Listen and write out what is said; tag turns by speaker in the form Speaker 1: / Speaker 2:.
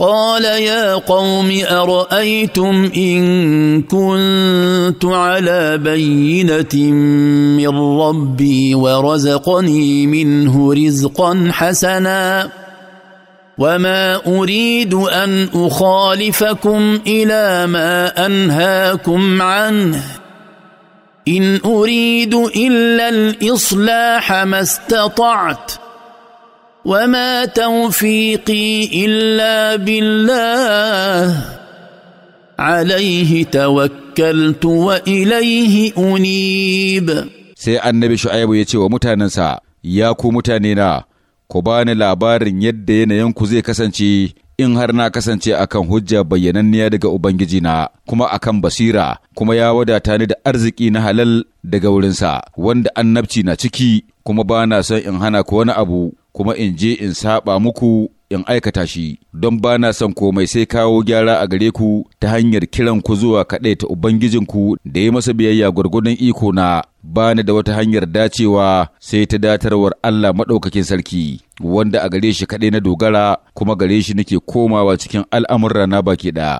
Speaker 1: قال يا قوم ارايتم ان كنت على بينه من ربي ورزقني منه رزقا حسنا وما اريد ان اخالفكم الى ما انهاكم عنه ان اريد الا الاصلاح ما استطعت وما توفيقي الا بالله عليه توكلت واليه انيب
Speaker 2: sai annabi shu'aibu ya ce wa mutanensa ya ku mutanena ku bani labarin yadda yanayinku zai kasance in har na kasance akan hujja bayyananniya daga Ubangijina kuma akan basira kuma ya wadata ni da arziki na halal daga wurinsa wanda annabci na ciki kuma ba na son in hana ku wani abu kuma in je in saba muku in aikata shi don ba na son komai sai kawo gyara a gare ku ta hanyar kiran ku zuwa kaɗai ta ubangijinku da ya masa biyayya gwargwadon iko na ba ni da wata hanyar dacewa sai ta datarwar Allah maɗaukakin sarki wanda a gare shi kaɗai na dogara kuma gare shi nake komawa cikin al'amurra na baki ɗaya.